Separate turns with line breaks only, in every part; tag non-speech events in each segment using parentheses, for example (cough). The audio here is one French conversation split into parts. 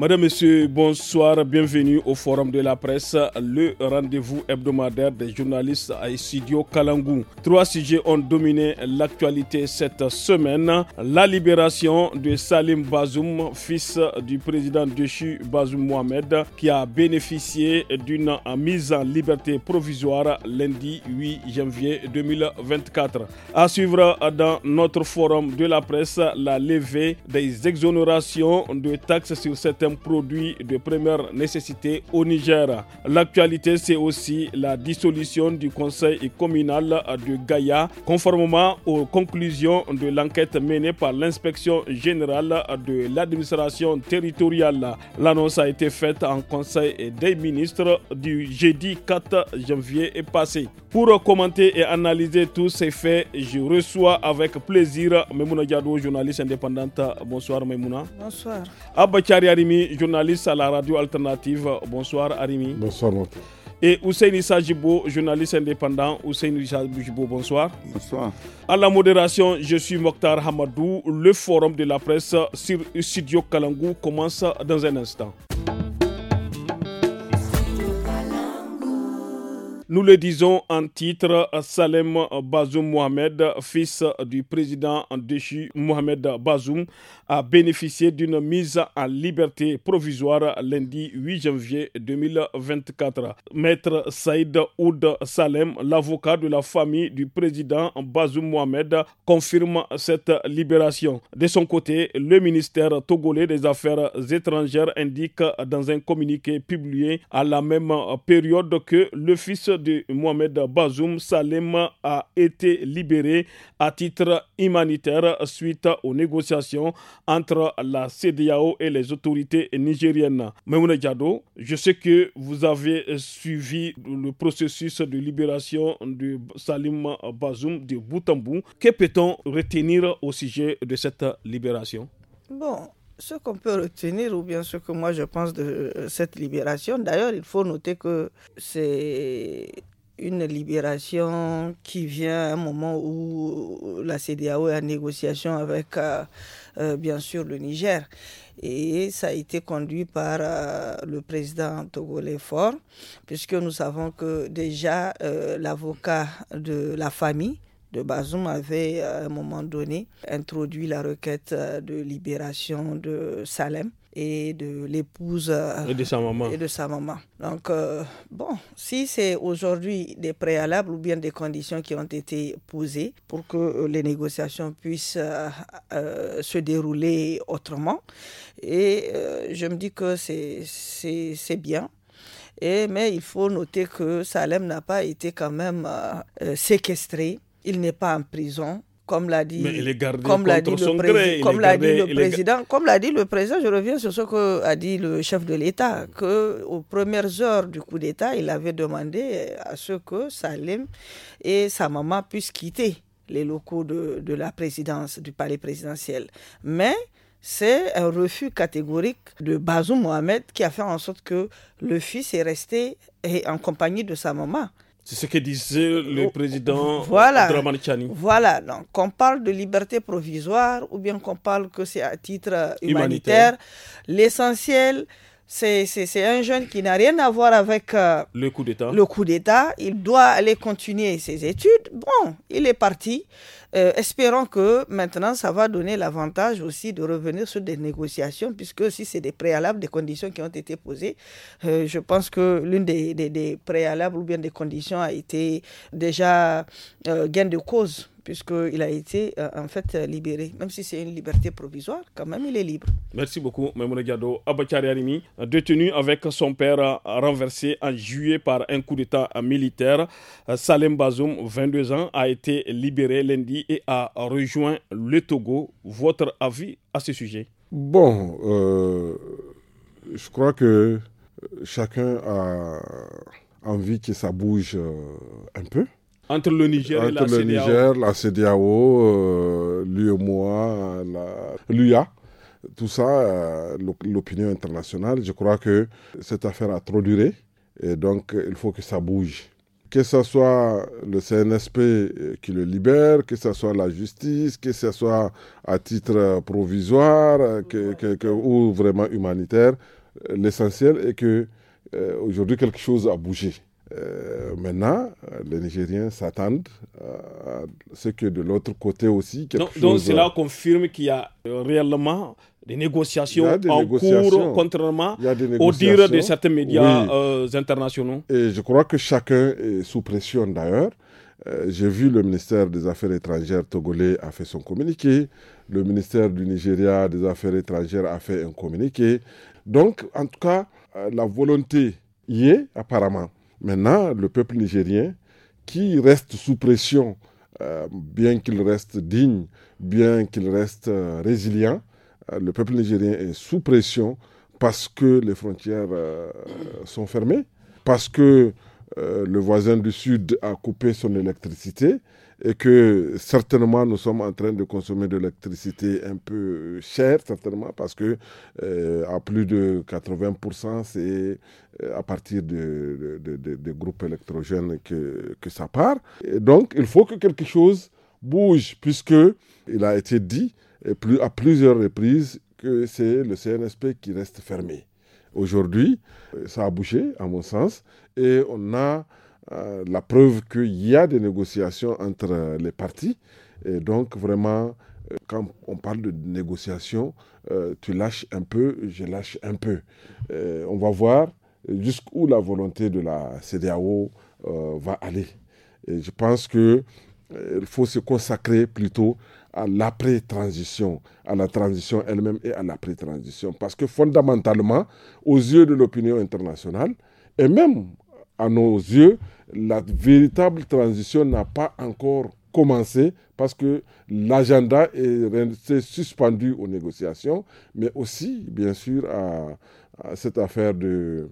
Madame, Monsieur, bonsoir, bienvenue au Forum de la presse, le rendez-vous hebdomadaire des journalistes à Isidio Kalangou. Trois sujets ont dominé l'actualité cette semaine. La libération de Salim Bazoum, fils du président de CHU, Bazoum Mohamed, qui a bénéficié d'une mise en liberté provisoire lundi 8 janvier 2024. À suivre dans notre Forum de la presse, la levée des exonérations de taxes sur cette produit de première nécessité au Niger. L'actualité, c'est aussi la dissolution du conseil communal de Gaïa, conformément aux conclusions de l'enquête menée par l'inspection générale de l'administration territoriale. L'annonce a été faite en conseil des ministres du jeudi 4 janvier passé. Pour commenter et analyser tous ces faits, je reçois avec plaisir Memouna Diadou, journaliste indépendante. Bonsoir Memouna. Bonsoir. Abba journaliste à la radio alternative. Bonsoir Arimi. Bonsoir Et Hussein Sajibo, journaliste indépendant. Hussein Sajibo, bonsoir. Bonsoir. À la modération, je suis Mokhtar Hamadou. Le forum de la presse sur Studio Kalangou commence dans un instant. Nous le disons en titre, Salem Bazoum Mohamed, fils du président déchu Mohamed Bazoum, a bénéficié d'une mise en liberté provisoire lundi 8 janvier 2024. Maître Saïd Oud Salem, l'avocat de la famille du président Bazoum Mohamed, confirme cette libération. De son côté, le ministère togolais des Affaires étrangères indique dans un communiqué publié à la même période que le fils de Mohamed Bazoum Salem a été libéré à titre humanitaire suite aux négociations entre la CDAO et les autorités nigériennes. Mais Diado, je sais que vous avez suivi le processus de libération de Salim Bazoum de bout Que peut-on retenir au sujet de cette libération
Bon, ce qu'on peut retenir, ou bien ce que moi je pense de euh, cette libération, d'ailleurs, il faut noter que c'est une libération qui vient à un moment où euh, la CDAO est en négociation avec, euh, bien sûr, le Niger. Et ça a été conduit par le président togolais fort, puisque nous savons que déjà l'avocat de la famille de Bazoum avait euh, à un moment donné introduit la requête euh, de libération de Salem et de l'épouse euh, et de sa maman. Et de sa maman. Donc, bon, si c'est aujourd'hui des préalables ou bien des conditions qui ont été posées pour que les négociations puissent se dérouler autrement, et je me dis que c'est bien. Et, mais il faut noter que Salem n'a pas été quand même séquestré il n'est pas en prison, comme l'a dit, le président, comme l'a dit le président, je reviens sur ce que a dit le chef de l'État, que aux premières heures du coup d'État, il avait demandé à ce que Salim et sa maman puissent quitter les locaux de, la présidence, du palais présidentiel. Mais c'est un refus catégorique de Bazou Mohamed qui a fait en sorte que le fils est resté en compagnie de sa maman.
C'est ce que disait le président voilà,
Voilà, donc qu'on parle de liberté provisoire ou bien qu'on parle que c'est à titre humanitaire, l'essentiel, c'est un jeune qui n'a rien à voir avec euh, le coup d'État. Le coup d'État, il doit aller continuer ses études. Bon, il est parti. Euh, espérons que maintenant, ça va donner l'avantage aussi de revenir sur des négociations, puisque si c'est des préalables, des conditions qui ont été posées, euh, je pense que l'une des, des, préalables ou bien des conditions a été déjà euh, gain de cause puisqu'il a été en fait libéré. Même si c'est une liberté provisoire, quand même, il est libre.
Merci beaucoup, Mme Gado. Abakari détenu avec son père renversé en juillet par un coup d'État militaire, Salem Bazoum, 22 ans, a été libéré lundi et a rejoint le Togo. Votre avis à ce sujet
Bon, euh, je crois que euh, chacun a envie que ça bouge euh, un peu.
Entre le Niger et la le Niger,
la CDAO, l'UMOA, l'UA, tout ça, l'opinion internationale, je crois que cette affaire a trop duré et donc il faut que ça bouge que ce soit le CNSP euh, qui le libère, que ce soit la justice, que ce soit à titre euh, provisoire euh, que, ou vraiment humanitaire, l'essentiel est que aujourd'hui quelque chose a bougé. Euh, maintenant, les Nigériens s'attendent à ce que de l'autre côté aussi. Quelque donc, donc, cela euh,
confirme qu'il y a euh, réellement des négociations en cours, contrairement au dire de certains médias internationaux.
Et je crois que chacun est sous pression d'ailleurs. J'ai vu le ministère des Affaires étrangères togolais a fait son communiqué. Le ministère du Nigeria des Affaires étrangères a fait un communiqué. Donc, en tout cas, la volonté y est apparemment. Maintenant, le peuple nigérien, qui reste sous pression, euh, bien qu'il reste digne, bien qu'il reste euh, résilient, euh, le peuple nigérien est sous pression parce que les frontières sont fermées, parce que le voisin du Sud a coupé son électricité, et que certainement nous sommes en train de consommer de l'électricité un peu euh, chère, certainement, parce que euh, à plus de 80%, c'est euh, à partir de, groupes électrogènes que, que ça part. donc, il faut que quelque chose bouge, puisque il a été dit et plus, à plusieurs reprises que c'est le CNSP qui reste fermé. Aujourd'hui, ça a bougé, à mon sens, et on a euh, la preuve qu'il y a des négociations entre les partis. Et donc, vraiment, euh, quand on parle de négociations, euh, tu lâches un peu, je lâche un peu. on va voir jusqu'où la volonté de la CDAO va aller. Et je pense que il faut se consacrer plutôt à l'après-transition, à la transition elle-même et à l'après-transition. Parce que fondamentalement, aux yeux de l'opinion internationale, et même à nos yeux, la véritable transition n'a pas encore commencé parce que l'agenda est suspendu aux négociations, mais aussi, bien sûr, à, cette affaire de,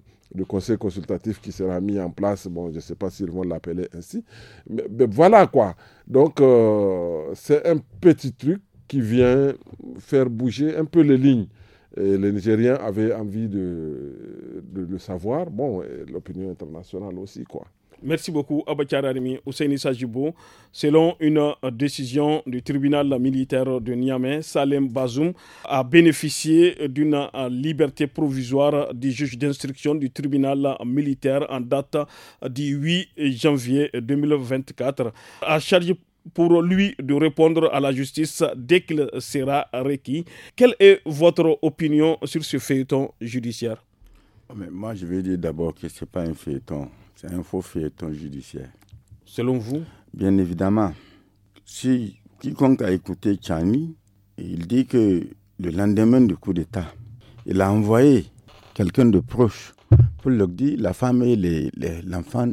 conseil consultatif qui sera mis en place. Bon, je ne sais pas s'ils vont l'appeler ainsi. Mais, voilà quoi. Donc, euh, c'est un petit truc qui vient faire bouger un peu les lignes les Nigériens avaient envie de, le savoir, bon, l'opinion internationale aussi, quoi.
Merci beaucoup, Arimi Ousseini Sajibou. Selon une décision du tribunal militaire de Niamey, Salem Bazoum a bénéficié d'une liberté provisoire du juge d'instruction du tribunal militaire en date du 8 janvier 2024, à pour lui de répondre à la justice dès qu'il sera requis. Quelle est votre opinion sur ce feuilleton judiciaire
ah, Moi, je vais dire d'abord que ce n'est pas un feuilleton, c'est un faux feuilleton judiciaire. Selon vous Bien évidemment. Si quiconque a écouté Chani, il dit que le lendemain du coup d'État, il a envoyé quelqu'un de proche pour le dire la femme et l'enfant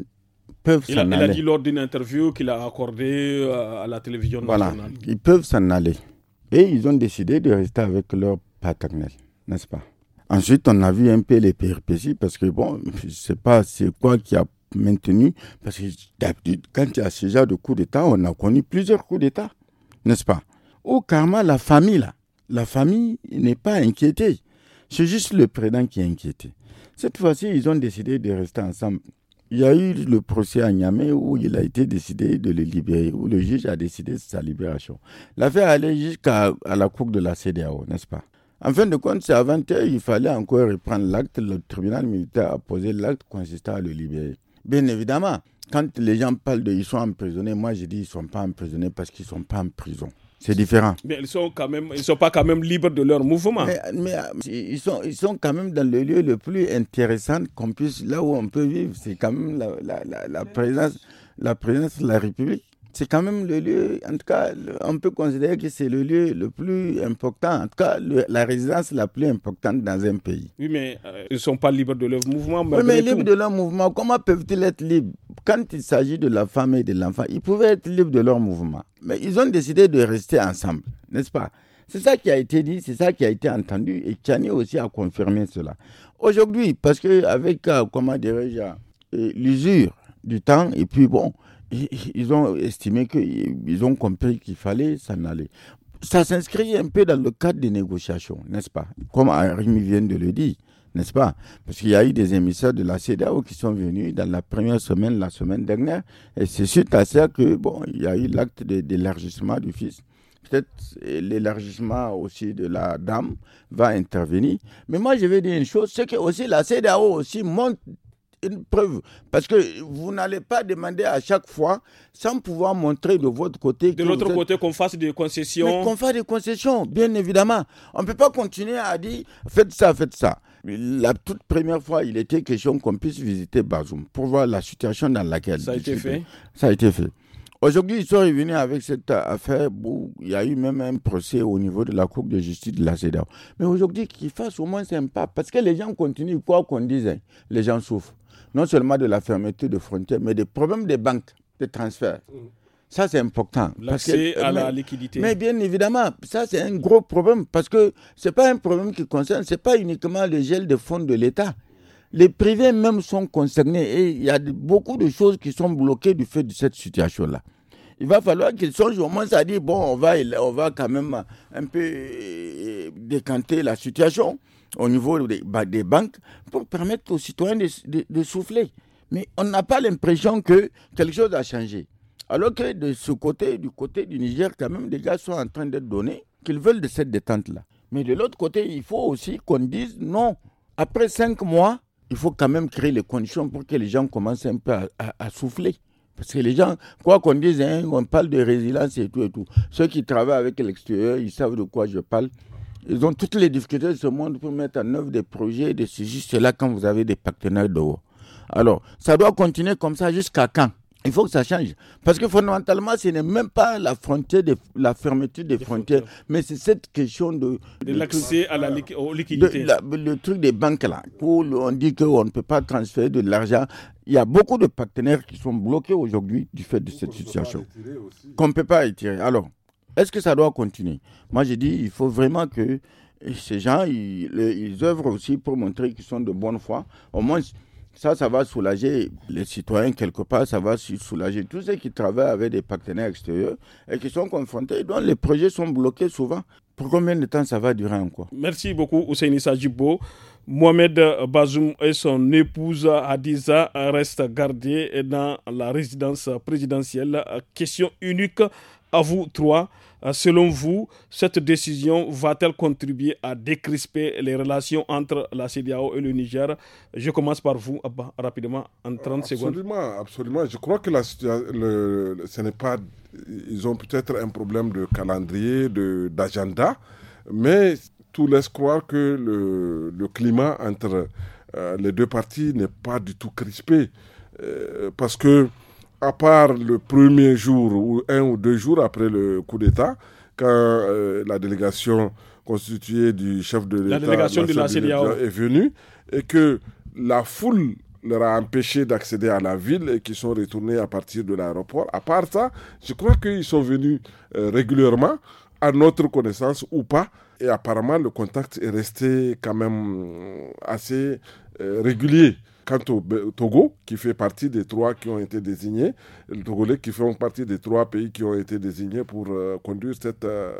il a dit
lors d'une interview qu'il a accordée euh, à la télévision nationale. Voilà,
ils peuvent s'en aller. Et ils ont décidé de rester avec leur paternel, n'est-ce pas Ensuite, on a vu un peu les péripéties parce que, bon, je ne sais pas c'est quoi qui a maintenu, parce que quand il y a ce genre de coup d'État, on a connu plusieurs coups d'État, n'est-ce pas Au karma, la famille, là, la famille n'est pas inquiétée. C'est juste le président qui est inquiété. Cette fois-ci, ils ont décidé de rester ensemble il y a eu le procès à Niamey où il a été décidé de le libérer, où le juge a décidé sa libération. L'affaire allait jusqu'à à la cour de la CDAO, n'est-ce pas En fin de compte, c'est à 20 il fallait encore reprendre l'acte. Le tribunal militaire a posé l'acte consistant à le libérer. Bien évidemment, quand les gens parlent de ils sont emprisonnés, moi je dis ils ne sont pas emprisonnés parce qu'ils ne sont pas en prison. C'est différent.
Mais ils sont quand même, ils sont pas quand même libres de leur mouvement. Mais,
euh, ils sont, ils sont quand même dans le lieu le plus intéressant qu'on puisse, là où on peut vivre. C'est quand même la, la, la, présence, la présence de la République. C'est quand même le lieu, en tout cas, on peut considérer que c'est le lieu le plus important, en tout cas, la résidence la plus importante dans un pays.
Oui, mais euh, ils ne sont pas libres de leur mouvement. Oui, mais libres de leur
mouvement, comment peuvent-ils être libres quand il s'agit de la femme et de l'enfant, ils pouvaient être libres de leur mouvement. Mais ils ont décidé de rester ensemble, n'est-ce pas C'est ça qui a été dit, c'est ça qui a été entendu, et Tchani aussi a confirmé cela. Aujourd'hui, parce qu'avec, euh, comment dirais-je, euh, euh, l'usure du temps, et puis bon, ils ont estimé qu'ils ont compris qu'il fallait s'en aller. Ça s'inscrit un peu dans le cadre des négociations, n'est-ce pas Comme Henri vient de le dire n'est-ce pas Parce qu'il y a eu des émissaires de la CdaO qui sont venus dans la première semaine, la semaine dernière, et c'est suite à ça que bon, il y a eu l'acte d'élargissement du fils. Peut-être l'élargissement aussi de la dame va intervenir. Mais moi, je vais dire une chose, c'est que aussi la Cdao aussi montre une preuve. Parce que vous n'allez pas demander à chaque fois, sans pouvoir montrer de votre côté. De l'autre
côté, qu'on fasse des concessions. Qu'on fasse
des concessions, bien évidemment. On ne peut pas continuer à dire faites ça, faites ça. La toute première fois, il était question qu'on puisse visiter Bazoum pour voir la situation dans laquelle. Ça a été fait Ça a été fait. Aujourd'hui, ils sont revenus avec cette affaire où il y a eu même un procès au niveau de la Cour de justice de la CEDAW. Mais aujourd'hui, qu'ils fassent au moins un pas, parce que les gens continuent, quoi qu'on dise, hein, les gens souffrent. Non seulement de la fermeté de frontières, mais des problèmes des banques, des transferts. Mmh. Ça, c'est important. L'accès à la liquidité. Mais bien évidemment, ça, c'est un gros problème parce que ce n'est pas un problème qui concerne, ce n'est pas uniquement le gel de fonds de l'État. Les privés même sont concernés et il y a beaucoup de choses qui sont bloquées du fait de cette situation-là. Il va falloir qu'ils songent au moins à dire, bon, on va, on va quand même un peu euh, décanter la situation au niveau des, banques pour permettre aux citoyens de souffler. Mais on n'a pas l'impression que quelque chose a changé. Alors que de ce côté, du côté du Niger, quand même, des gars sont en train d'être donnés qu'ils veulent de cette détente-là. Mais de l'autre côté, il faut aussi qu'on dise non. Après cinq mois, il faut quand même créer les conditions pour que les gens commencent un peu à, souffler. Parce que les gens, quoi qu'on dise, hein, on parle de résilience et tout et tout. Ceux qui travaillent avec l'extérieur, ils savent de quoi je parle. Ils ont toutes les difficultés de ce monde pour mettre en œuvre des projets et sujets, ceci, cela quand vous avez des partenaires de Alors, ça doit continuer comme ça jusqu'à quand il faut que ça change. Parce que fondamentalement, ce n'est même pas la frontière de, la fermeture des, frontières, mais c'est cette question de... De, l'accès
à la liquidité.
le truc des banques là, où on dit qu'on ne peut pas transférer de l'argent. Il y a beaucoup de partenaires qui sont bloqués aujourd'hui du fait de cette situation. Qu'on ne peut pas étirer. Alors, est-ce que ça doit continuer Moi, j'ai dit, il faut vraiment que ces gens, ils, ils œuvrent aussi pour montrer qu'ils sont de bonne foi. Au moins... Ça, ça va soulager les citoyens quelque part, ça va soulager tous ceux qui travaillent avec des partenaires extérieurs et qui sont confrontés, dont les projets sont bloqués souvent. Pour combien de temps ça va durer encore
Merci beaucoup, Ousseini Sajibo. Mohamed Bazoum et son épouse Adiza restent gardés dans la résidence présidentielle. Question unique à vous trois. Euh, selon vous, cette décision va-t-elle contribuer à décrisper les relations entre la CDAO et le Niger Je commence par vous, rapidement, en 30 euh, secondes.
Absolument, absolument. Je crois que la, situation, ce n'est pas... Ils ont peut-être un problème de calendrier, d'agenda, mais tout laisse croire que le, climat entre euh, les deux parties n'est pas du tout crispé. parce que à part le premier jour ou un ou deux jours après le coup d'État, quand euh, la délégation constituée du chef de l'État est venue, et que la foule leur a empêché d'accéder à la ville et qu'ils sont retournés à partir de l'aéroport. À part ça, je crois qu'ils sont venus euh, régulièrement, à notre connaissance ou pas. Et apparemment, le contact est resté quand même euh, assez régulier. Quant au Togo, qui fait partie des trois qui ont été désignés, les Togolais qui font partie des trois pays qui ont été désignés pour euh, conduire cette euh,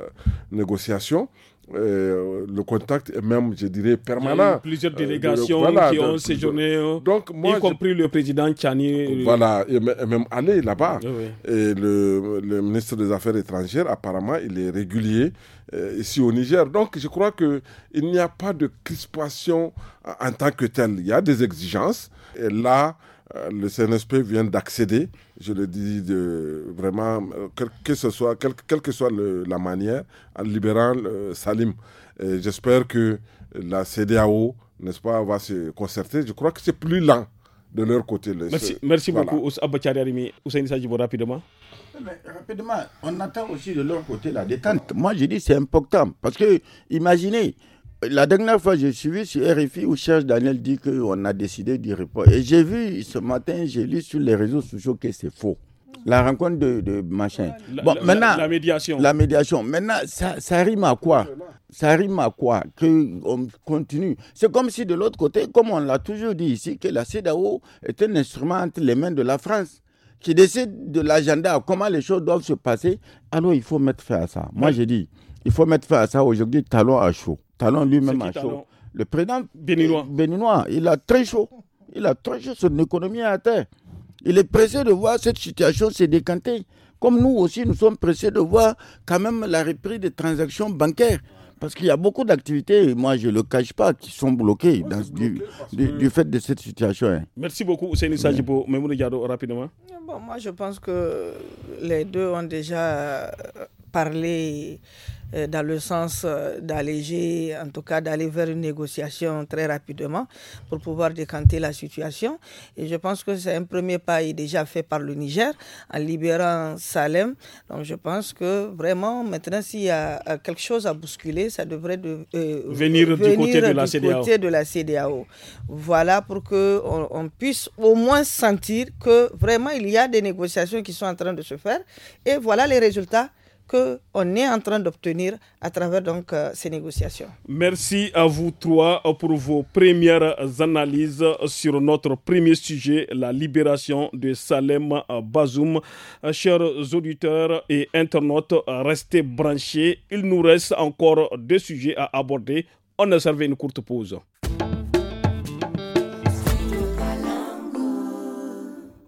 négociation, euh, le contact est même, je dirais, permanent. plusieurs euh,
délégations qui ont séjourné, euh, y compris le président Tchani. Voilà,
est même allé là-bas. Et le, ministre des Affaires étrangères, apparemment, il est régulier ici au Niger. Donc, je crois qu'il n'y a pas de crispation en tant que telle. Il y a des exigences. Et là, euh, le CNSP vient d'accéder, je le dis de, vraiment, que, que ce soit, quelle que soit la manière, en libérant euh, Salim. J'espère que la CDAO, n'est-ce pas, va se concerter. Je crois que c'est plus lent de leur côté. merci, beaucoup,
Abba Tchariarimi. rapidement.
Eh ben, rapidement, on attend aussi de leur côté la détente. Moi, je dis c'est important parce que, imaginez, la dernière fois, j'ai suivi sur RFI où Serge Daniel dit qu'on a décidé du report. Et j'ai vu ce matin, j'ai lu sur les réseaux sociaux que c'est faux. La rencontre de, machin. La, bon, maintenant, la,
médiation. La
médiation. Maintenant, ça, rime à quoi Ça rime à quoi on continue. C'est comme si de l'autre côté, comme on l'a toujours dit ici, que la CEDAO est un instrument entre les mains de la France qui décide de l'agenda, comment les choses doivent se passer. Alors, ah il faut mettre fin à ça. Moi, j'ai dit, il faut mettre fin à ça. Aujourd'hui, talon à chaud. Talon lui-même a chaud. Le président béninois. il a très chaud. Il a très chaud. Son économie à terre. Il est pressé de voir cette situation se décanter. Comme nous aussi, nous sommes pressés de voir quand même la reprise des transactions bancaires. Parce qu'il y a beaucoup d'activités, moi je ne le cache pas, qui sont bloquées du, fait de cette situation. Hein.
Merci beaucoup, Ousseini Sajibo. Mais rapidement.
moi je pense que les deux ont déjà parlé euh, dans le sens euh, d'alléger, en tout cas d'aller vers une négociation très rapidement pour pouvoir décanter la situation. Et je pense que c'est un premier pas déjà fait par le Niger en libérant Salem. Donc je pense que vraiment maintenant s'il y a euh, quelque chose à bousculer, ça devrait venir, du, côté de, la CDAO. Voilà pour que on puisse au moins sentir que vraiment il y a des négociations qui sont en train de se faire. Et voilà les résultats qu'on est en train d'obtenir à travers donc euh, ces négociations.
Merci à vous trois pour vos premières analyses sur notre premier sujet, la libération de Salem Bazoum. Chers auditeurs et internautes, restez branchés. Il nous reste encore deux sujets à aborder. On a servi une courte pause.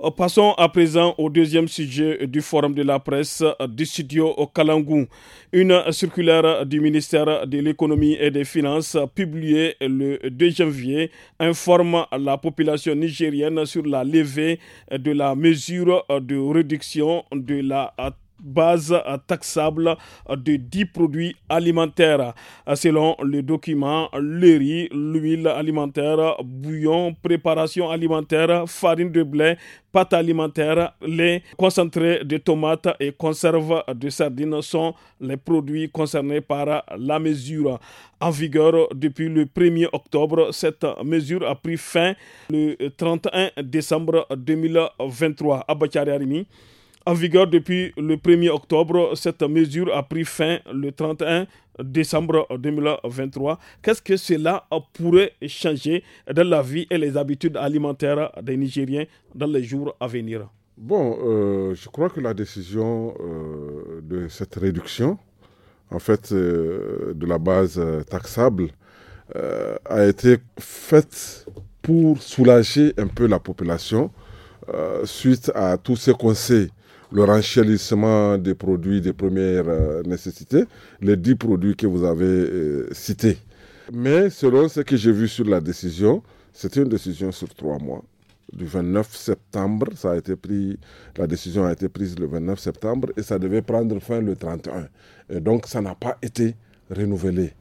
Euh, passons à présent au deuxième sujet du forum de la presse euh, du studio au Kalangou. Une circulaire du ministère de l'économie et des finances publiée le 2 janvier informe la population nigérienne sur la levée de la mesure de réduction de la base taxable de 10 produits alimentaires. Selon le document, le riz, l'huile alimentaire, bouillon, préparation alimentaire, farine de blé, pâte alimentaire, lait, concentré de tomates et conserve de sardines sont les produits concernés par la mesure. En vigueur depuis le 1er octobre, cette mesure a pris fin le 31 décembre 2023. à Arimi. En vigueur depuis le 1er octobre, cette mesure a pris fin le 31 décembre 2023. Qu'est-ce que cela pourrait changer dans la vie et les habitudes alimentaires des Nigériens dans les jours à venir
Bon, euh, je crois que la décision euh, de cette réduction, en fait, euh, de la base taxable, a été faite pour soulager un peu la population suite à tous ces conseils le renchérissement des produits des premières euh, nécessités, les 10 produits que vous avez euh, cités. Mais selon ce que j'ai vu sur la décision, c'était une décision sur trois mois. Du 29 septembre, ça a été pris, la décision a été prise le 29 septembre et ça devait prendre fin le 31. donc, ça n'a pas été renouvelé.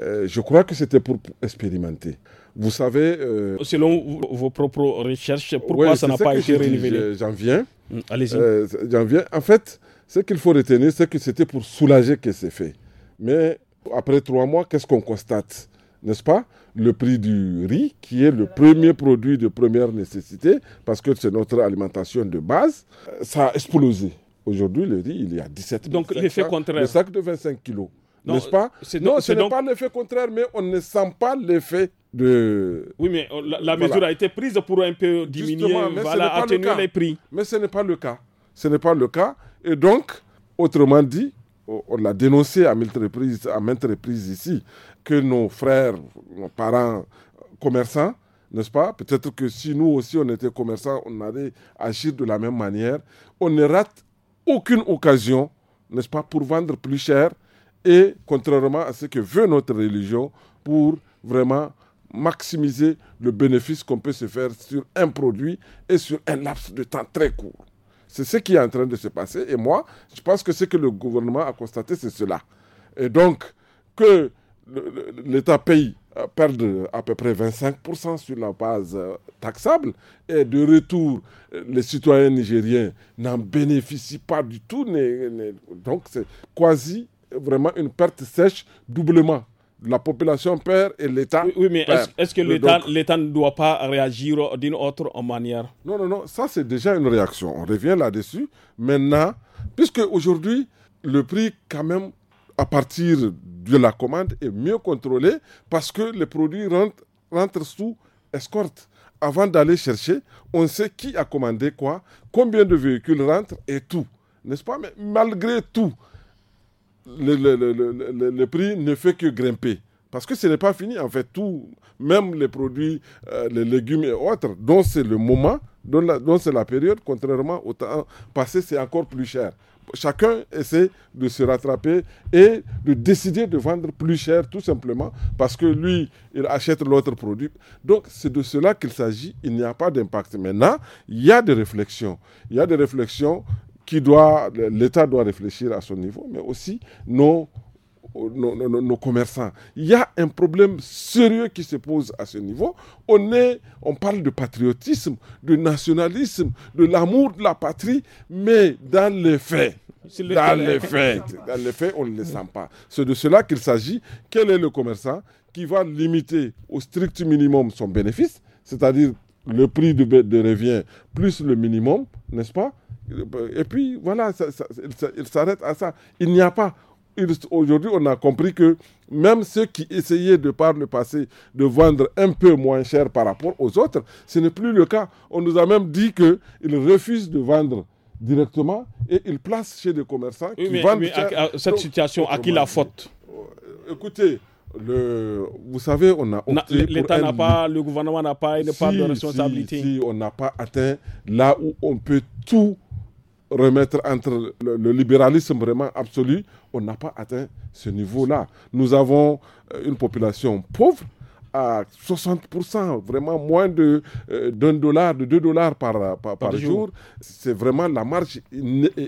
Euh, je crois que c'était pour expérimenter. Vous savez. Euh, Selon vos propres recherches,
pourquoi ça n'a pas été révélé J'en viens. Hum, allez-y. Euh,
j'en viens. En fait, ce qu'il faut retenir, c'est que c'était pour soulager que c'est fait. Mais après trois mois, qu'est-ce qu'on constate N'est-ce pas Le prix du riz, qui est le premier produit de première nécessité, parce que c'est notre alimentation de base, euh, ça a explosé. Aujourd'hui, le riz, il y a 17 Donc l'effet contraire. Le sac de 25 kilos. N'est-ce pas Non, ce n'est pas l'effet contraire, mais on ne sent pas l'effet de.
Oui, mais euh, la, mesure a été prise pour un peu diminuer, atténuer les prix.
Mais ce n'est pas le cas. Ce n'est pas le cas. Et donc, autrement dit, on l'a dénoncé à à maintes reprises ici, que nos frères, nos parents euh, commerçants, n'est-ce pas Peut-être que si nous aussi on était commerçants, on allait agir de la même manière. On ne rate aucune occasion, n'est-ce pas, pour vendre plus cher et contrairement à ce que veut notre religion, pour vraiment maximiser le bénéfice qu'on peut se faire sur un produit et sur un laps de temps très court. C'est ce qui est en train de se passer. Et moi, je pense que ce que le gouvernement a constaté, c'est cela. Et donc, que l'État paye euh, perdre à peu près 25% sur la base euh, taxable et de retour, euh, les citoyens nigériens n'en bénéficient pas du tout. Donc, c'est quasi vraiment une perte sèche doublement la population perd et l'État. Oui, oui, mais est-ce que l'État
ne doit pas réagir d'une autre
manière Non, non, non, ça c'est déjà une réaction. On revient là-dessus. Maintenant, puisque aujourd'hui, le prix quand même à partir de la commande est mieux contrôlé parce que les produits rentrent, rentrent sous escorte. Avant d'aller chercher, on sait qui a commandé quoi, combien de véhicules rentrent et tout. N'est-ce pas Mais malgré tout, le, le, le, le, prix ne fait que grimper. Parce que ce n'est pas fini, en fait, tout, même les produits, euh, les légumes et autres, dont c'est le moment, dont, dont c'est la période, contrairement au temps passé, c'est encore plus cher. Chacun essaie de se rattraper et de décider de vendre plus cher, tout simplement, parce que lui, il achète l'autre produit. Donc, c'est de cela qu'il s'agit. Il n'y a pas d'impact. Maintenant, il y a des réflexions. Il y a des réflexions doit, l'État doit réfléchir à son niveau, mais aussi nos nos, commerçants. Il y a un problème sérieux qui se pose à ce niveau. On, est, on parle de patriotisme, de nationalisme, de l'amour de la patrie, mais dans les faits, les faits, dans les faits, on ne les sent pas. C'est de cela qu'il s'agit. Quel est le commerçant qui va limiter au strict minimum son bénéfice, c'est-à-dire le prix de, de revient plus le minimum, n'est-ce pas et puis voilà, il s'arrête à ça. Il n'y a pas. Aujourd'hui, on a compris que même ceux qui essayaient de par le passé de vendre un peu moins cher par rapport aux autres, ce n'est plus le cas. On nous a même dit qu'ils refusent de vendre directement et ils placent chez des commerçants qui vendent cette situation, à qui la faute euh, Écoutez, le, vous savez, on a l'État n'a pas, le gouvernement n'a pas il n'a pas de responsabilité. si on n'a pas atteint là où on peut tout remettre entre le, libéralisme vraiment absolu, on n'a pas atteint ce niveau-là. Nous avons euh, une population pauvre à 60%, vraiment moins de euh, d'un dollar, de deux dollars par, par, jour. C'est vraiment la marge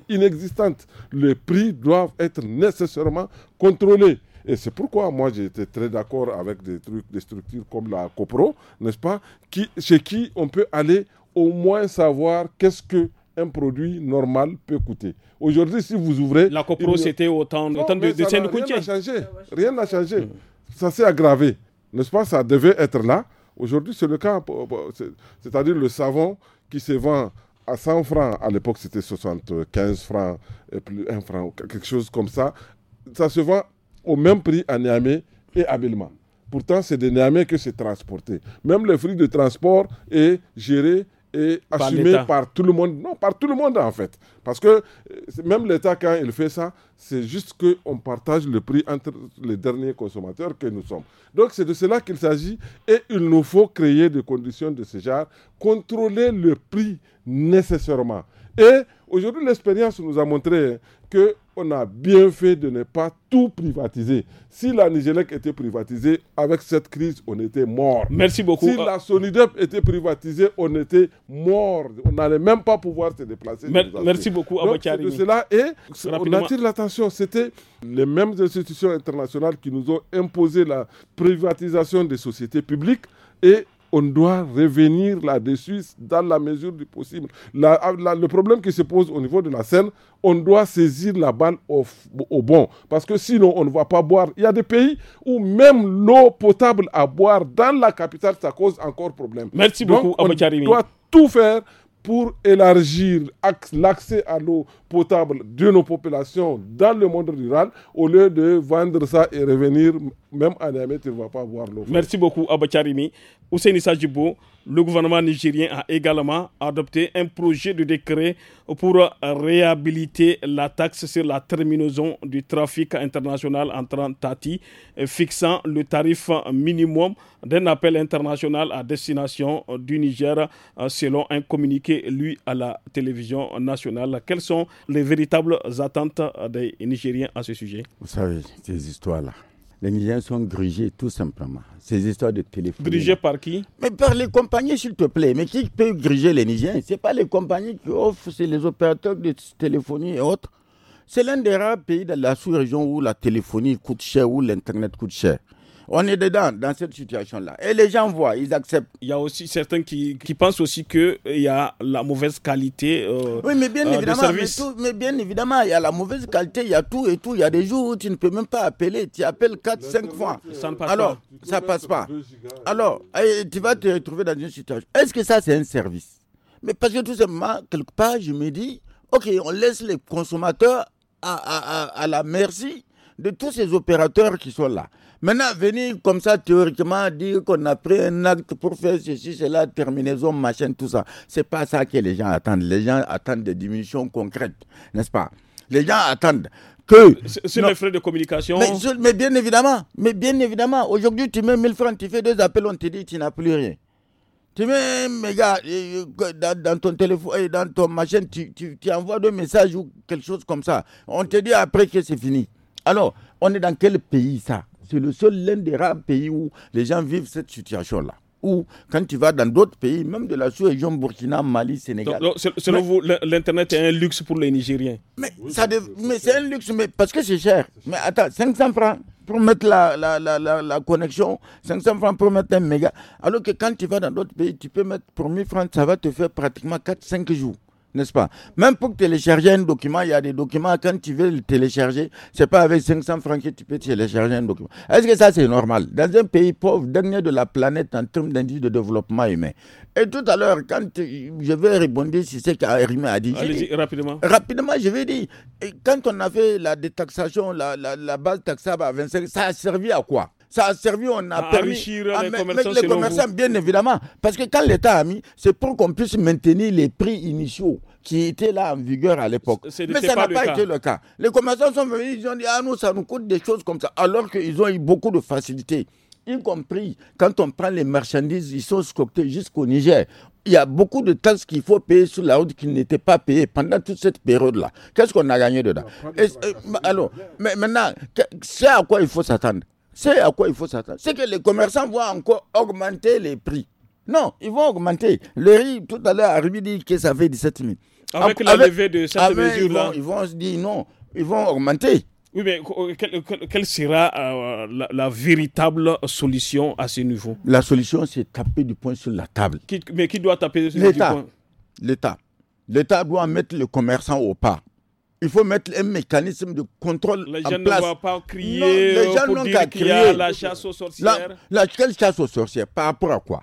inexistante. Les prix doivent être nécessairement contrôlés. Et c'est pourquoi moi j'étais très d'accord avec des trucs, des structures comme la CoPro, n'est-ce pas, qui, chez qui on peut aller au moins savoir qu'est-ce que un produit normal peut coûter. Aujourd'hui, si vous ouvrez... La copro, c'était
autant, autant de, de Rien
n'a changé. Rien n'a changé. Ça s'est aggravé. N'est-ce pas Ça devait être là. Aujourd'hui, c'est le cas. Euh, euh, c'est-à-dire le savon qui se vend à 100 francs. À l'époque, c'était 75 francs, et plus 1 franc, quelque chose comme ça. Ça se vend au même prix à Niamey et à Bilman. Pourtant, c'est de Niamey que c'est transporté. Même le fruit de transport est géré et assumé par tout le monde. Non, par tout le monde en fait. Parce que euh, même l'État, quand il fait ça, c'est juste qu'on partage le prix entre les derniers consommateurs que nous sommes. Donc c'est de cela qu'il s'agit et il nous faut créer des conditions de ce genre, contrôler le prix nécessairement. Et aujourd'hui, l'expérience nous a montré hein, que on a bien fait de ne pas tout privatiser. Si la Nigélec était privatisée, avec cette crise, on était mort. Merci beaucoup. Si la Sonidep était privatisée, on était mort. On n'allait même pas pouvoir se déplacer. merci beaucoup, cela et on attire l'attention. C'était les mêmes institutions internationales qui nous ont imposé la privatisation des sociétés publiques et on doit revenir là-dessus dans la mesure du possible. le problème qui se pose au niveau de la scène, on doit saisir la balle au, bon. Parce que sinon, on ne va pas boire. Il y a des pays où même l'eau potable à boire dans la capitale, ça cause encore problème. Merci Donc, beaucoup, on doit tout faire pour élargir l'accès à l'eau potable de nos populations dans le monde rural, au lieu de vendre ça et revenir, même à Niamey, tu ne vas pas avoir l'eau. Merci
beaucoup, Abacharimi. Ousseini le gouvernement nigérien a également adopté un projet de décret pour réhabiliter la taxe sur la terminaison du trafic international entrant Tati, fixant le tarif minimum d'un appel international à destination du Niger selon un communiqué lu à la télévision nationale. Quelles sont les véritables attentes des Nigériens à ce sujet
Vous savez, ces histoires-là, les Nigériens sont grigés, tout simplement. Ces histoires de téléphonie. Grigés
par qui Mais par les compagnies, s'il te plaît. Mais qui peut griger
les Nigériens Ce pas les compagnies qui offrent, c'est les opérateurs de téléphonie et autres. C'est l'un des rares pays de la sous-région où la téléphonie coûte cher, où l'Internet coûte cher. On est
dedans, dans cette situation-là. Et les gens voient, ils acceptent. Il y a aussi certains qui, pensent aussi qu'il y a la mauvaise qualité euh, oui, mais bien euh, évidemment,
Mais, bien évidemment, il y a la mauvaise qualité, il y a tout et tout. Il y a des jours où tu ne peux même pas appeler. Tu appelles 4, 5 fois. Ça ne passe Alors, pas. Ça passe pas. Alors, tu vas te retrouver dans une situation. Est-ce que ça, c'est un service Mais parce que tout simplement, quelque part, je me dis, OK, on laisse les consommateurs à, à la merci de tous ces opérateurs qui sont là. Maintenant, venir comme ça théoriquement dire qu'on a pris un acte pour faire ceci, cela, terminaison, machin, tout ça, c'est pas ça que les gens attendent. Les gens attendent des diminutions concrètes, n'est-ce pas Les gens attendent
que. Sur les frais de communication.
Mais, bien évidemment, mais bien évidemment, aujourd'hui tu mets 1000 francs, tu fais deux appels, on te dit tu n'as plus rien. Tu mets, mes gars, dans, ton téléphone, et dans ton machine tu, tu envoies deux messages ou quelque chose comme ça. On te dit après que c'est fini. Alors, on est dans quel pays ça c'est le seul, l'un des rares pays où les gens vivent cette situation-là. Ou quand tu vas dans d'autres pays, même de la sous-région Burkina,
Mali, Sénégal. selon vous, l'Internet est un luxe pour les Nigériens Mais, ça mais
c'est un luxe, mais parce que c'est cher. Mais attends, 500 francs pour mettre la, la, la, la, connexion, 500 francs pour mettre un méga. Alors que quand tu vas dans d'autres pays, tu peux mettre pour 1000 francs, ça va te faire pratiquement 4-5 jours n'est-ce pas Même pour télécharger un document, il y a des documents, quand tu veux le télécharger, c'est pas avec 500 francs que tu peux télécharger un document. Est-ce que ça, c'est normal Dans un pays pauvre, dernier de la planète en termes d'indice de développement humain. Et tout à l'heure, quand je vais rebondir sur ce qu'Arimé a dit. Allez-y, rapidement. Rapidement, je vais dire, quand on avait la détaxation, la, la, la base taxable à 25, ça a servi à quoi ça a servi, on a permis les commerçants, bien évidemment. Parce que quand l'État a mis, c'est pour qu'on puisse maintenir les prix initiaux qui étaient là en vigueur à l'époque. Mais ça n'a pas, été le cas. Les commerçants sont venus, ils ont dit, ah nous, ça nous coûte des choses comme ça, alors qu'ils ont eu beaucoup de facilité y compris quand on prend les marchandises, ils sont sculptés jusqu'au Niger. Il y a beaucoup de taxes qu'il faut payer sur la route qui n'étaient pas payées pendant toute cette période-là. Qu'est-ce qu'on a gagné dedans euh, Alors, maintenant, c'est à quoi il faut s'attendre c'est à quoi il faut s'attendre. C'est que les commerçants vont encore augmenter les prix. Non, ils vont augmenter. Le riz, tout à l'heure, a dit que ça fait 17 000. Avec, la levée de cette mesure-là. Ils, vont se dire non, ils vont augmenter.
Oui, mais quelle sera euh, la, véritable solution à ce niveau La solution,
c'est taper du poing sur la table.
mais qui doit taper sur du poing L'État.
L'État. L'État doit mettre le commerçant au pas il faut mettre un mécanisme de contrôle
les place. Les gens ne vont pas crier pour dire qu'il la chasse aux sorcières.
La, la, quelle chasse aux sorcières Par rapport à quoi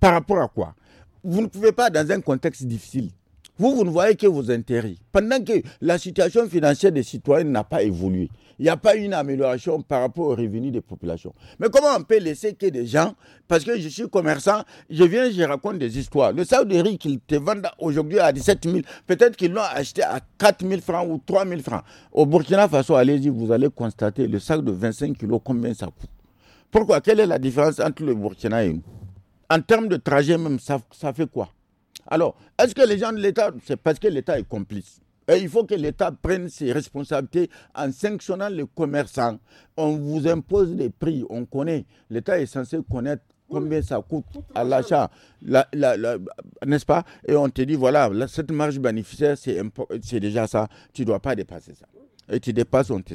Par rapport à quoi Vous ne pouvez pas, dans un contexte difficile, vous, vous ne voyez que vos intérêts. Pendant que la situation financière des citoyens n'a pas évolué, il n'y a pas une amélioration par rapport aux revenus des populations. Mais comment on peut laisser que des gens, parce que je suis commerçant, je viens, je raconte des histoires. Le sac de riz qu'ils te vendent aujourd'hui à 17 000, peut-être qu'ils l'ont acheté à 4 000 francs ou 3 000 francs. Au Burkina Faso, allez-y, vous allez constater le sac de 25 kilos, combien ça coûte. Pourquoi Quelle est la différence entre le Burkina et nous En termes de trajet même, ça fait quoi alors, est-ce que les gens de l'État, c'est parce que l'État est complice et il faut que l'État prenne ses responsabilités en sanctionnant les commerçants. On vous impose des prix, on connaît. L'État est censé connaître combien ça coûte à l'achat, n'est-ce pas Et on te dit, voilà, cette marge bénéficiaire, c'est déjà ça, tu ne dois pas dépasser ça et tu dépasses, on tes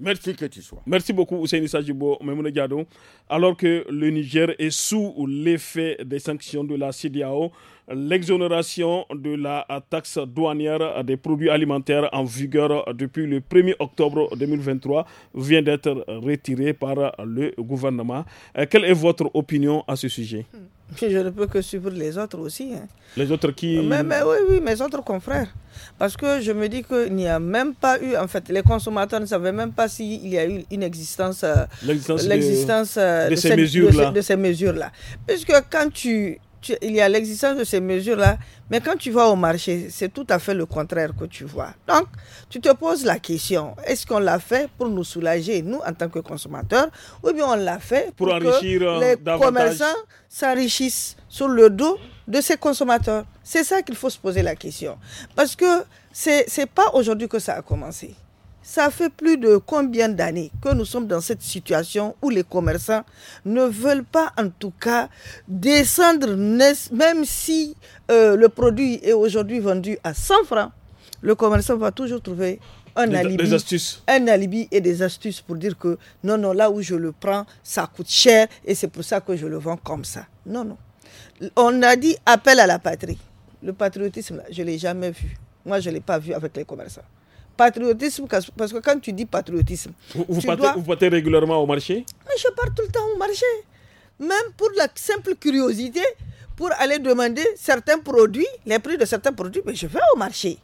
Merci que tu sois. Merci beaucoup, Ousseini Sajibo, Memoune Diado. Alors que le Niger est sous l'effet des sanctions de la CDAO, l'exonération de la taxe douanière des produits alimentaires en vigueur depuis le 1er octobre 2023 vient d'être retirée par le gouvernement. Euh, quelle est votre opinion à ce sujet hmm.
(laughs) Je ne peux que suivre les autres aussi. Hein. Les autres qui... Mais, oui, oui, mes autres confrères. Parce que je me dis qu'il n'y a même pas eu, en fait, les consommateurs ne savaient même pas s'il y a eu une existence, euh, l'existence euh, de, ces, mesures-là. De, mesures-là. Puisque quand tu il y a l'existence de ces mesures-là, mais quand tu vas au marché, c'est tout à fait le contraire que tu vois. Donc, tu te poses la question, est-ce qu'on l'a fait pour nous soulager, nous, en tant que consommateurs, ou bien on l'a fait pour, enrichir que euh, les commerçants s'enrichissent sur le dos de ces consommateurs C'est ça qu'il faut se poser la question. Parce que ce n'est pas aujourd'hui que ça a commencé. Ça fait plus de combien d'années que nous sommes dans cette situation où les commerçants ne veulent pas en tout cas descendre, même si euh, le produit est aujourd'hui vendu à 100 francs, le commerçant va toujours trouver un un alibi et des astuces pour dire que non, non, là où je le prends, ça coûte cher et c'est pour ça que je le vends comme ça. Non, non. On a dit appel à la patrie. Le patriotisme, je ne l'ai jamais vu. Moi, je ne l'ai pas vu avec les commerçants patriotisme, parce que quand tu dis patriotisme... Vous, partez, dois... vous régulièrement au marché Mais je pars tout le temps au marché. Même pour la simple curiosité, pour aller demander certains produits, les prix de certains produits, mais je vais au marché.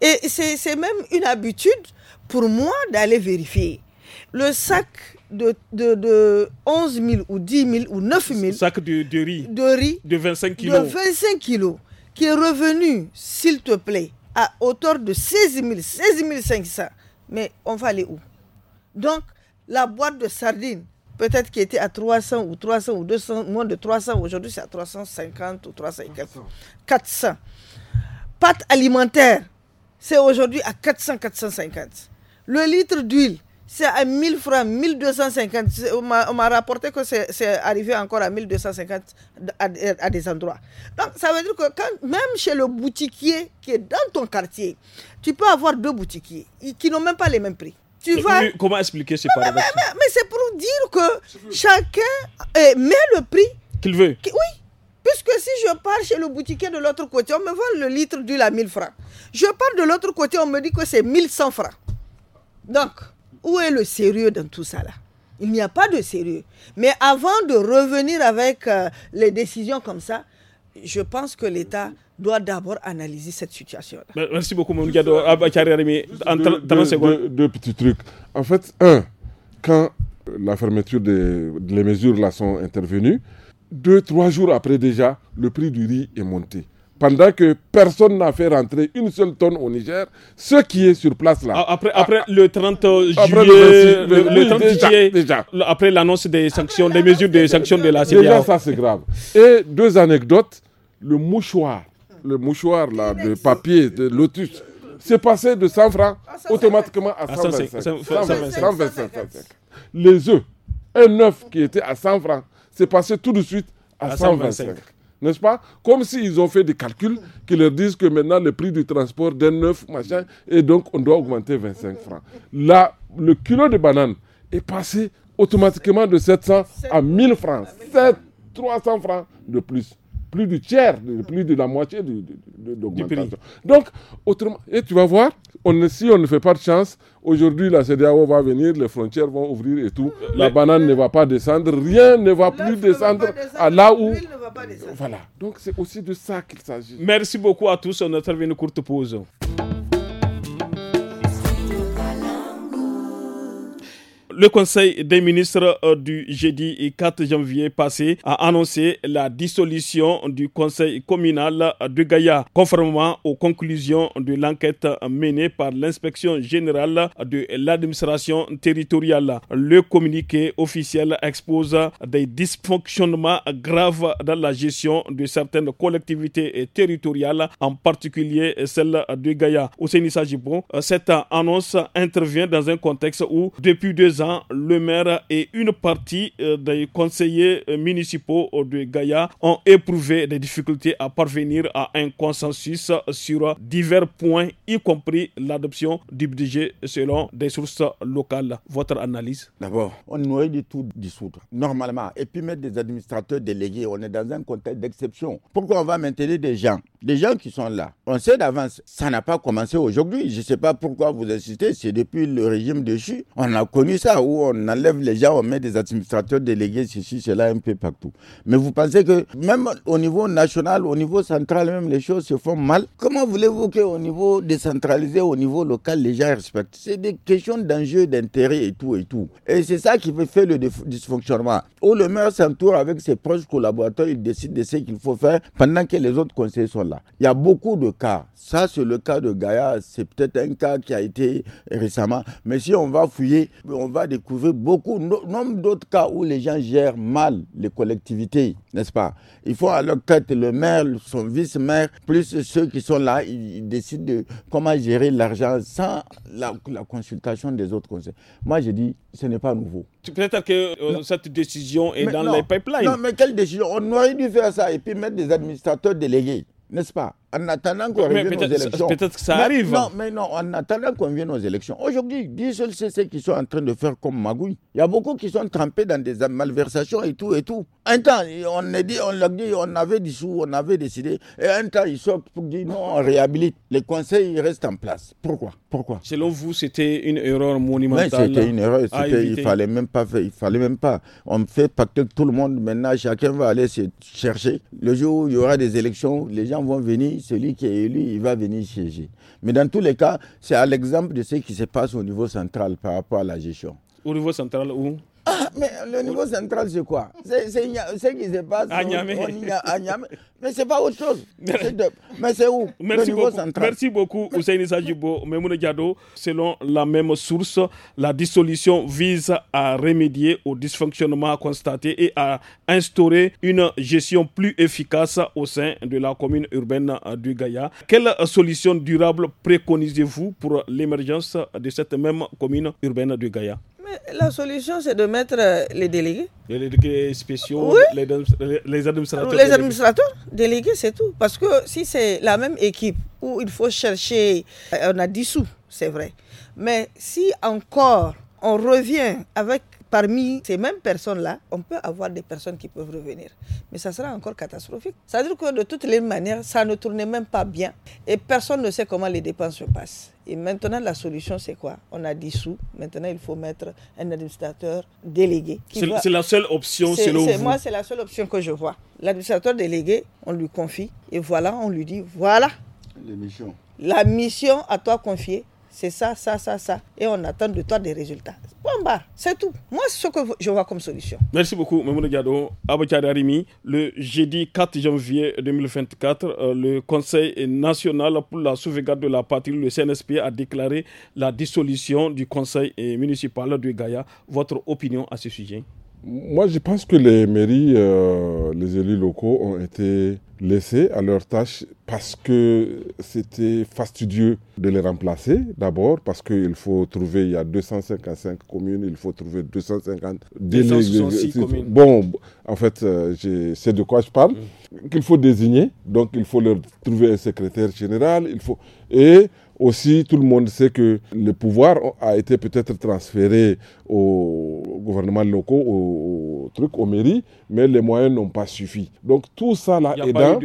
Et c'est même une habitude pour moi d'aller vérifier. Le sac de, de, de, 11 000 ou 10 000 ou 9 000 sac de, de riz de riz
de 25 kilos de
25 kilos qui est revenu, s'il te plaît, à hauteur de 16 16 500. Mais on va aller où Donc, la boîte de sardines, peut-être qui était à 300 ou 300 ou 200, moins de 300, aujourd'hui c'est à 350 ou 300 400. 400. Pâte alimentaire, c'est aujourd'hui à 400, 450. Le litre d'huile, c'est à 1000 francs, 1250. On m'a rapporté que c'est arrivé encore à 1250 à, à, des endroits. Donc, ça veut dire que même chez le boutiquier qui est dans ton quartier, tu peux avoir deux boutiquiers qui n'ont même pas les mêmes prix. Tu euh,
comment expliquer ce problème Mais,
mais, c'est pour dire que chacun eh, met le prix qu'il veut. oui. Puisque si je pars chez le boutiquier de l'autre côté, on me vend le litre d'huile à 1000 francs. Je pars de l'autre côté, on me dit que c'est 1100 francs. Donc, où est le sérieux dans tout ça là Il n'y a pas de sérieux. Mais avant de revenir avec euh, les décisions comme ça, je pense que l'État doit d'abord analyser cette situation.
-là. Merci beaucoup, mon ah, bah,
Deux, petits trucs. En fait, un, quand la fermeture des mesures là sont intervenues, deux, trois jours après déjà, le prix du riz est monté pendant que personne n'a fait rentrer une seule tonne au Niger, ce qui est sur place là. Ah, après, le 30
juillet, après l'annonce des sanctions, des mesures de sanctions de la CDAO. Déjà, ça
c'est grave. Et deux anecdotes, le mouchoir, le mouchoir là de papier de lotus, c'est passé de 100 francs ah, automatiquement à 125. Ah, Les œufs, un œuf qui était à 100 francs, c'est passé tout de suite à, 125 n'est-ce pas Comme s'ils ont fait des calculs qui leur disent que maintenant le prix du transport d'un neuf machin, et donc on doit augmenter 25 francs. Là, le kilo de banane est passé automatiquement de 700 à 1000 francs. 7, 300 francs de plus. Plus du tiers, plus de la moitié d'augmentation. Donc, autrement, et tu vas voir, on, si on ne fait pas de chance, aujourd'hui la CDAO va venir, les frontières vont ouvrir et tout, euh, la banane ne va pas descendre, rien ne va plus descendre à là où voilà. Donc c'est aussi de ça qu'il s'agit. Merci
beaucoup à tous. On a une courte pause. le Conseil des ministres euh, du jeudi 4 janvier passé a annoncé la dissolution du Conseil communal de Gaïa, conformément aux conclusions de l'enquête menée par l'inspection générale de l'administration territoriale. Le communiqué officiel expose des dysfonctionnements graves dans la gestion de certaines collectivités territoriales, en particulier celle de Gaïa. Au Sénissa cette annonce intervient dans un contexte où, depuis deux ans, le maire et une partie euh, des conseillers euh, municipaux euh, de Gaïa ont éprouvé des difficultés à parvenir à un consensus sur divers points, y compris l'adoption du budget selon des sources locales. Votre analyse D'abord, on aurait du tout dissoudre, normalement, et
puis mettre des administrateurs délégués. On est dans un contexte d'exception. Pourquoi on va maintenir des gens Des gens qui sont là. On sait d'avance, ça n'a pas commencé aujourd'hui. Je ne sais pas pourquoi vous insistez, c'est depuis le régime de Ju. On a connu ça où on enlève les gens, on met des administrateurs délégués, ceci, cela, un peu partout. Mais vous pensez que même au niveau national, au niveau central, même les choses se font mal. Comment voulez-vous qu'au niveau décentralisé, au niveau local, les gens respectent C'est des questions d'enjeux, d'intérêt et tout et tout. Et c'est ça qui fait le dysfonctionnement. Où le maire s'entoure avec ses proches collaborateurs, il décide de ce qu'il faut faire pendant que les autres conseils sont là. Il y a beaucoup de cas. Ça, c'est le cas de Gaïa. C'est peut-être un cas qui a été récemment. Mais si on va fouiller, on va découvrir beaucoup, nombre d'autres cas où les gens gèrent mal les collectivités, n'est-ce pas Il faut alors que le maire, son vice-maire, plus ceux qui sont là, ils, décident de comment gérer l'argent sans la, consultation des autres conseils. Moi, je dis, ce n'est pas nouveau.
Tu être que euh, cette décision est dans les pipelines. Non,
mais quelle décision On aurait dû faire ça et puis mettre des administrateurs délégués, n'est-ce pas en attendant qu'on revienne aux élections. Peut-être que ça arrive. Non, mais non, en attendant qu'on vienne aux élections. Aujourd'hui, Dieu seul sait ce qu'ils sont en train de faire comme magouille. Il y a beaucoup qui sont trempés dans des malversations et tout et tout. Un temps, on a dit, on l'a dit, on avait dissous, on avait décidé. Et un temps, ils sortent pour dire non, on réhabilite. Les conseils restent en place.
Pourquoi Pourquoi Selon vous, c'était une
erreur monumentale. c'était une erreur. Il fallait même pas faire. Il fallait même pas. On fait pacter tout le monde. Maintenant, chacun va aller se chercher. Le jour où il y aura des élections, les gens vont venir celui qui est élu, il va venir siéger. Mais dans tous les cas, c'est à l'exemple de ce qui se passe au niveau central par rapport à la gestion. Au niveau
central, où
mais le niveau central, c'est quoi C'est ce qui se passe à Mais c'est pas autre chose. (laughs)
mais c'est où Merci beaucoup. Merci beaucoup, Ousseini Sajibo, Memoune Diado. Selon la même source, la dissolution vise à remédier au dysfonctionnement constaté et à instaurer une gestion plus efficace au sein de la commune urbaine du Gaïa. Quelle solution durable préconisez-vous pour l'émergence de cette même
commune urbaine du Gaïa la solution, c'est de mettre euh, les délégués. Les délégués spéciaux, les, les, administrateurs. Les administrateurs délégués, c'est tout. Parce que si c'est la même équipe où il faut chercher, euh, on a dissous, c'est vrai. Mais si encore on revient avec parmi ces mêmes personnes-là, on peut avoir des personnes qui peuvent revenir. Mais ça sera encore catastrophique. C'est-à-dire que de toutes les manières, ça ne tournait même pas bien. Et personne ne sait comment les dépenses se passent. Et maintenant, la solution, c'est quoi On a dissous. Maintenant, il faut mettre un administrateur délégué. C'est la seule option, selon Moi, c'est la seule option que je vois. L'administrateur délégué, on lui confie. Et voilà, on lui dit, voilà. La mission à toi confiée c'est ça, ça, ça, ça. Et on attend de toi des résultats. Point c'est tout. Moi, c'est ce que je vois comme solution.
Merci beaucoup, Mamoun Diado. Arimi, le jeudi 4 janvier 2024, euh, le Conseil national pour la sauvegarde de la patrie, le CNSP, a déclaré la dissolution du Conseil municipal de Gaïa. Votre opinion à ce sujet
moi, je pense que les mairies, euh, les élus locaux ont été laissés à leur tâche parce que c'était fastidieux de les remplacer. D'abord, parce qu'il faut trouver, il y a 255 communes, il faut trouver 250 délégués. Bon, en fait, euh, c'est de quoi je parle. Mm. Qu'il faut désigner, donc il faut leur trouver un secrétaire général, il faut. Et aussi, tout le monde sait que le pouvoir a été peut-être transféré au gouvernement local, au truc, aux mairies, mais les moyens n'ont pas suffi. Donc tout ça là aidant,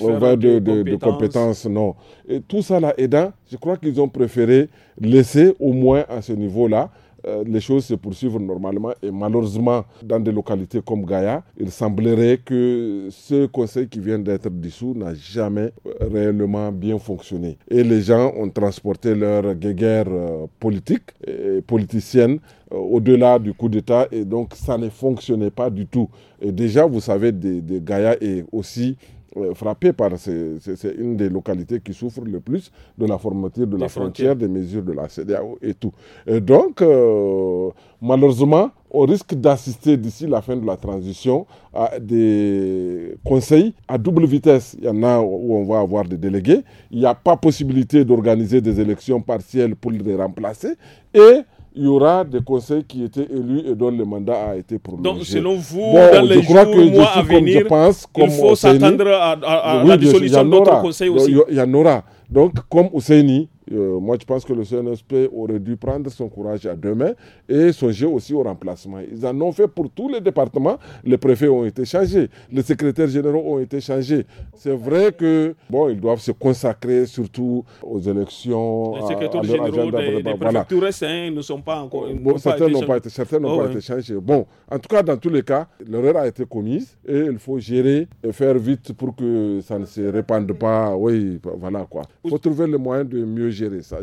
on euh, va de, de, de, compétences, non. Et tout ça là aidant, je crois qu'ils ont préféré laisser au moins à ce niveau-là euh, les choses se poursuivent normalement. Et malheureusement, dans des localités comme Gaïa, il semblerait que ce conseil qui vient d'être dissous n'a jamais euh, réellement bien fonctionné. Et les gens ont transporté leur guéguerre euh, politique et politicienne au-delà du coup d'État et donc ça ne fonctionnait pas du tout. Et déjà, vous savez, de Gaïa et aussi euh, frappé par. C'est une des localités qui souffre le plus de la fermeture de la frontière, des mesures de la CDAO et tout. donc, euh, malheureusement, on risque d'assister d'ici la fin de la transition à des conseils à double vitesse. Il y en a où on va avoir des délégués. Il n'y a pas possibilité d'organiser des élections partielles pour les remplacer. Et il y aura des conseils qui étaient élus et dont le mandat a été prolongé. Donc, selon vous, dans les jours, mois à venir, pense, comme il faut s'attendre à, à, la dissolution d'autres conseils aussi. Il y en aura. Donc, comme Ousseini, euh, moi, je pense que le CNSP aurait dû prendre son courage à deux mains et songer aussi au remplacement. Ils en ont fait pour tous les départements. Les préfets ont été changés, les secrétaires généraux ont été changés. C'est vrai que, bon, ils doivent se consacrer surtout aux élections. Les secrétaires généraux des, préfectures
hein, ne sont pas encore. Bon, certains n'ont pas, été, oh, été
changés. Bon, en tout cas, dans tous les cas, l'erreur a été commise et il faut gérer et faire vite pour que ça ne se répande pas. Oui, voilà quoi. Il faut trouver le moyen de mieux gérer gérer ça.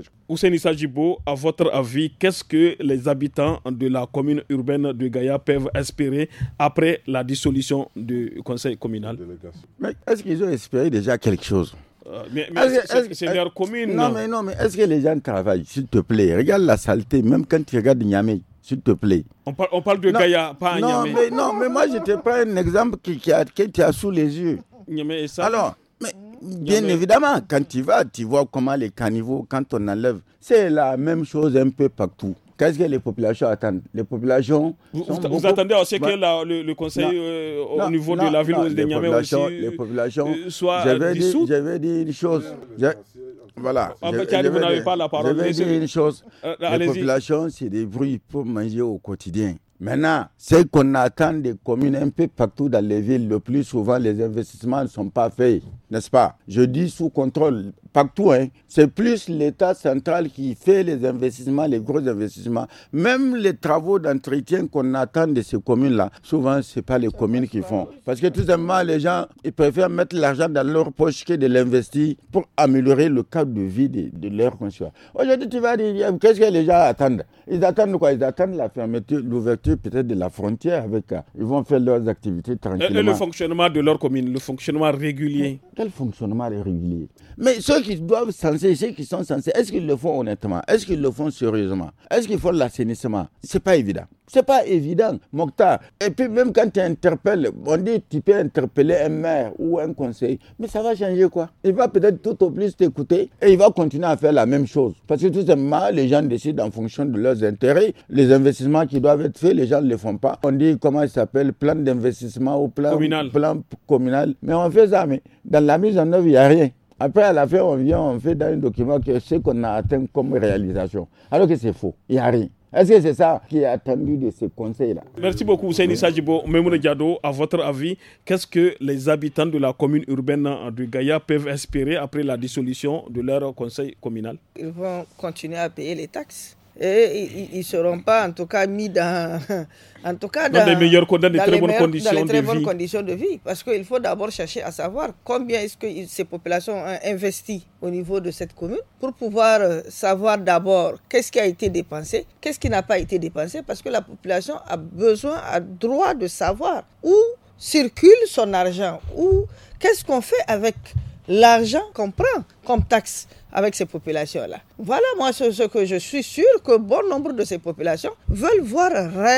à votre avis, qu'est-ce que les habitants de la commune urbaine de Gaïa peuvent espérer après la dissolution du conseil communal
Mais est-ce qu'ils ont espéré déjà quelque chose
euh, mais, c'est leur commune. Non, mais, non, mais est-ce
que les gens travaillent, s'il te plaît Regarde la saleté, même quand tu regardes Niamey s'il te plaît.
On, parle, de Gaïa, pas non, Mais, non, mais moi, je te prends
un exemple qui, qui, a, sous les yeux. Alors, Bien évidemment, quand tu vas, tu vois comment les caniveaux, quand on enlève, c'est la même chose un peu partout. Qu'est-ce que les populations attendent Les populations. Vous, attendez
aussi que le, conseil euh, au niveau de la ville de Niamey aussi. Les populations. Euh, soit je, vais
dire, une chose. Voilà. vous n'avez pas la parole. Je vais dire une chose. Euh, les populations, c'est des bruits pour manger au quotidien. Maintenant, ce qu'on attend des communes un peu partout dans les villes, le plus souvent, les investissements ne sont pas faits, n'est-ce pas Je dis sous contrôle partout. Hein. C'est plus l'État central qui fait les investissements, les gros investissements. Même les travaux d'entretien qu'on attend de ces communes-là, souvent, ce pas les communes qui font. Parce que tout simplement, les gens, ils préfèrent mettre l'argent dans leur poche que de l'investir pour améliorer le cadre de vie de, de leurs Aujourd'hui, tu vas dire, eh, qu'est-ce que les gens attendent Ils attendent quoi Ils attendent la fermeture, l'ouverture peut-être de la frontière avec... Euh, ils vont faire leurs activités tranquillement. le
fonctionnement de leur commune, le fonctionnement régulier.
Quel fonctionnement régulier Mais ceux ils doivent censer, ceux qui sont censés, est-ce qu'ils le font honnêtement Est-ce qu'ils le font sérieusement Est-ce qu'ils font l'assainissement C'est pas évident. C'est pas évident, Mokhtar. Et puis même quand tu interpelles, on dit tu peux interpeller un maire ou un conseil, mais ça va changer quoi Il va peut-être tout au plus t'écouter et il va continuer à faire la même chose. Parce que tout simplement, les gens décident en fonction de leurs intérêts. Les investissements qui doivent être faits, les gens ne les font pas. On dit comment il s'appelle, plan d'investissement ou plan communal. plan communal. Mais on fait ça, mais dans la mise en œuvre, il n'y a rien. Après, à la fin, on vient, on fait dans un document que ce qu'on a atteint comme réalisation. Alors que c'est faux, il n'y a rien. Est-ce que c'est ça qui est attendu de ce conseil-là
Merci beaucoup, Hussein Sajibo. Memoune Diado, à votre avis, qu'est-ce que les habitants de la commune urbaine de Gaïa peuvent espérer après la dissolution de leur conseil communal
Ils vont continuer à payer les taxes et ils ne seront pas en tout cas mis dans, (laughs) en tout cas dans, dans les meilleures bonnes, conditions dans très de bonnes conditions de vie. Parce qu'il faut d'abord chercher à savoir combien est-ce que ces populations ont investi au niveau de cette commune pour pouvoir euh, savoir d'abord qu'est-ce qui a été dépensé, qu'est-ce qui n'a pas été dépensé, parce que la population a besoin, a droit de savoir où circule son argent, ou qu'est-ce qu'on fait avec l'argent qu'on prend comme taxe avec ces populations-là. Voilà, moi, ce, que je suis sûr que bon nombre de ces populations veulent voir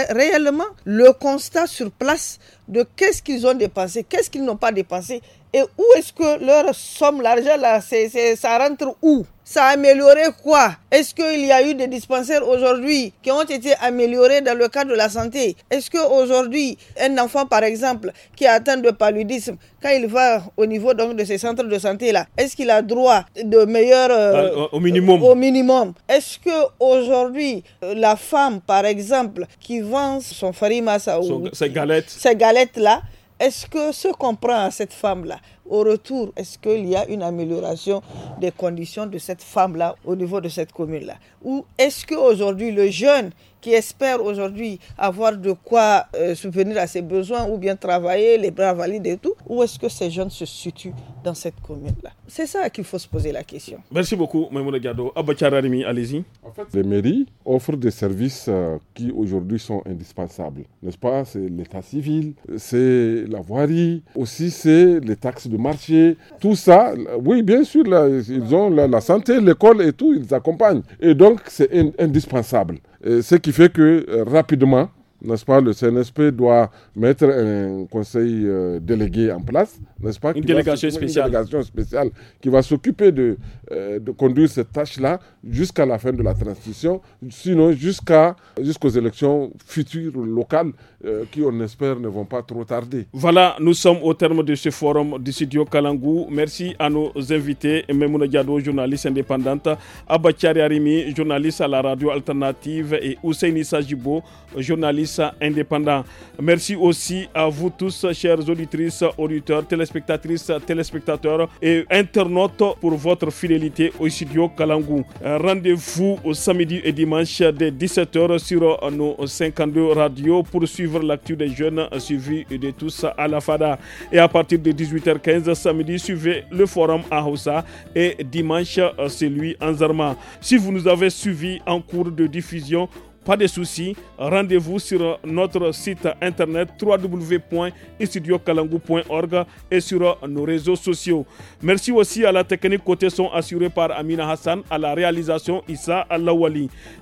réellement le constat sur place de qu'est-ce qu'ils ont dépensé, qu'est-ce qu'ils n'ont pas dépensé et où est-ce que leur somme, l'argent, là, ça rentre où Ça a amélioré quoi Est-ce qu'il y a eu des dispensaires aujourd'hui qui ont été améliorés dans le cadre de la santé Est-ce qu'aujourd'hui, un enfant, par exemple, qui est atteint de paludisme, quand il va au niveau donc, de ces centres de santé-là, est-ce qu'il a droit de meilleurs... Euh, ah, au minimum. Au minimum. Est-ce qu'aujourd'hui, euh, la femme, par exemple, qui vend son farima, ou... Ses galettes. Ses galettes-là, est-ce que ce qu'on prend à cette femme-là, au retour, est-ce qu'il y a une amélioration des conditions de cette femme-là au niveau de cette commune-là Ou est-ce qu'aujourd'hui, le jeune qui espèrent aujourd'hui avoir de quoi euh, subvenir à ses besoins ou bien travailler, les bras valides et tout, où est-ce que ces jeunes se situent dans cette commune-là C'est ça qu'il faut se poser la question.
Merci beaucoup, Mme Gado. Abachararimi, allez-y. En fait,
les mairies offrent des services euh, qui aujourd'hui sont indispensables. N'est-ce pas C'est l'état civil, c'est la voirie, aussi c'est les taxes de marché. Tout ça, euh, oui, bien sûr, ils ont la, santé, l'école et tout, ils accompagnent. Et donc, c'est indispensable ce qui fait que euh, rapidement, n'est-ce pas, le CNSP doit mettre un conseil euh, délégué en place, n'est-ce pas Une délégation, spéciale. qui va s'occuper de, euh, de, conduire cette tâche-là jusqu'à la fin de la transition, sinon jusqu'à, jusqu'aux élections futures locales euh, qui, on espère, ne vont pas trop tarder.
Voilà, nous sommes au terme de ce forum du studio Kalangou. Merci à nos invités, Memouna Diado, journaliste indépendante, Abachari Arimi, journaliste à la radio alternative, et Hussein Sajibo, journaliste indépendant. Merci aussi à vous tous, chers auditrices, auditeurs, téléspectatrices, téléspectateurs et internautes pour votre fidélité au studio Kalangou. Euh, rendez-vous samedi et dimanche dès 17h sur nos 52 radios pour suivre l'actu des jeunes suivi de tous à la FADA. Et à partir de 18h15 samedi, suivez le forum à Hossa et dimanche euh, celui en Zarma. Si vous nous avez suivi en cours de diffusion, pas de soucis, rendez-vous sur notre site internet www.istudiokalangu.org et sur nos réseaux sociaux. Merci aussi à la technique côté son assurée par Amina Hassan, à la réalisation Issa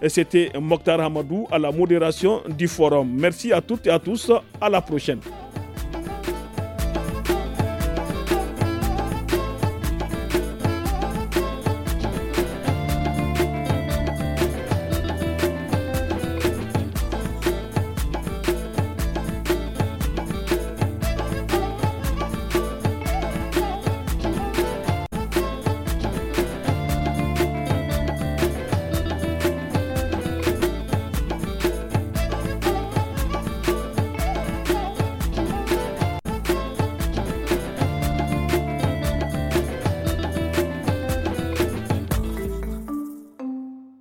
Et C'était Mokhtar Hamadou à la modération du forum. Merci à toutes et à tous. À la prochaine.